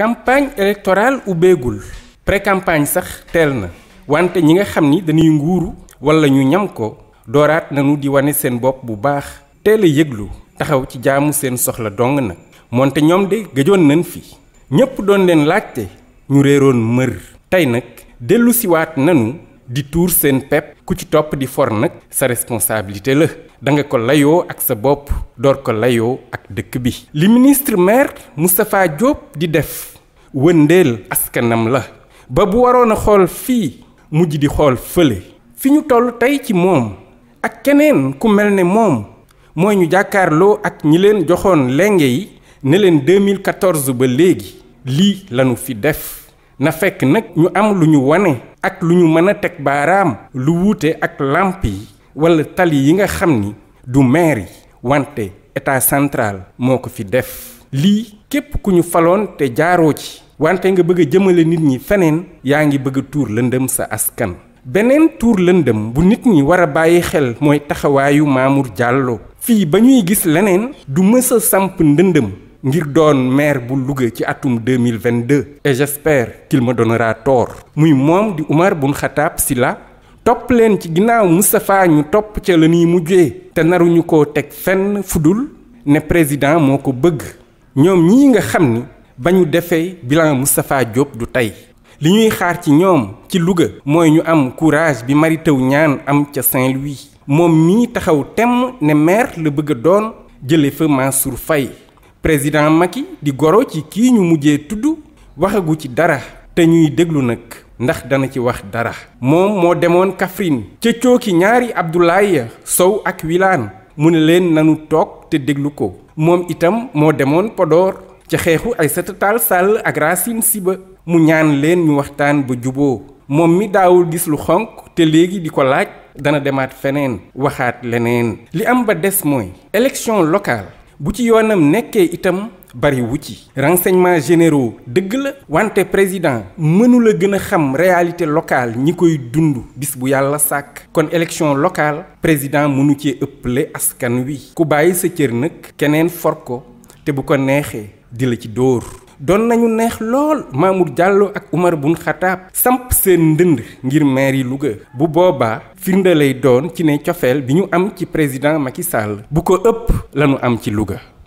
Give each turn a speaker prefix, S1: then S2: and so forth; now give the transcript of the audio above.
S1: campagne électorale ubbeegul pré-campagne sax teel na wante ñi nga xam ni dañuy nguuru wala ñu ñam ko dooraat nañu di wane seen bopp bu baax teel a yëglu taxaw ci jaamu seen soxla donn nag moonte ñoom de gëjoon nañ fi ñépp doon leen laajte ñu réeroon mër tey nag dellusiwaat nanu di tuur seen pepp ku ci topp di for nag sa responsabilité la da nga ko layoo ak sa bopp door ko layoo ak dëkk bi li ministre maire Moustapha Diop di def wëndeel askanam la ba bu waroon a xool fii mujj di xool fële fi ñu toll tey ci moom ak keneen ku mel ne moom mooy ñu jàkkaarloo ak ñi leen joxoon lenge yi ne leen 2014 ba léegi lii lañu fi def na fekk nag ñu am lu ñu wane ak lu ñu mën a teg baaraam lu wuute ak làmp yi wala tali yi nga xam ni du maire wante état central moo ko fi def lii képp ku ñu faloon te jaaroo ci wante nga bëgg a jëmale nit ñi feneen yaa ngi bëgg a tuur lëndëm sa askan beneen tuur lëndëm bu nit ñi war a bàyyi xel mooy taxawaayu Mamour jàlloo fii ba ñuy gis leneen du mës a samp ndëndëm ngir doon maire bu Louga ci atum 2022 et j'espère qu'il me donnera tort muy moom di Oumar Boun Khattab Sylla topp leen ci ginnaaw Moustapha ñu topp ca la ñuy mujjee te naruñu ko teg fenn fudul ne président moo ko bëgg ñoom ñii nga xam ni ba ñu defee bilan Moustapha Diop du tey li ñuy xaar ci ñoom ci Louga mooy ñu am courage bi Mary Teuw Niane am ca Saint-Louis moom mii taxaw temm ne maire la bëgg doon jële fa Mansour fay président Macky di goro ci kii ñu mujjee tudd waxagu ci dara te ñuy déglu nag ndax dana ci wax dara moom moo demoon Kaffrine ca cooki ñaari ya Sow ak wilaan mu ne leen nanu toog te déglu ko moom itam moo demoon Podor ca xeexu Aïssata Tall sàll ak Racine Siba mu ñaan leen ñu waxtaan ba juboo moom mi daawul gis lu xonq te léegi di ko laaj dana demaat feneen waxaat leneen li am ba des mooy élection locale bu ci yoonam nekkee itam bari wu ci renseignements généraux dëgg la wante président mënula la gën a xam réalité locale ñi koy dund bis bu yàlla sàkk kon élection locale président mënu cee ëppale askan wi ku bàyyi sa cër nag keneen for te bu ko neexee di la ci dóor doon nañu neex lool Mamour Diallo ak Oumar Boun Khattab samp seen ndënd ngir maire yi Louga bu boobaa firnde lay doon ci ne cofeel bi ñu am ci président Macky Sall bu ko ëpp lañu am ci Louga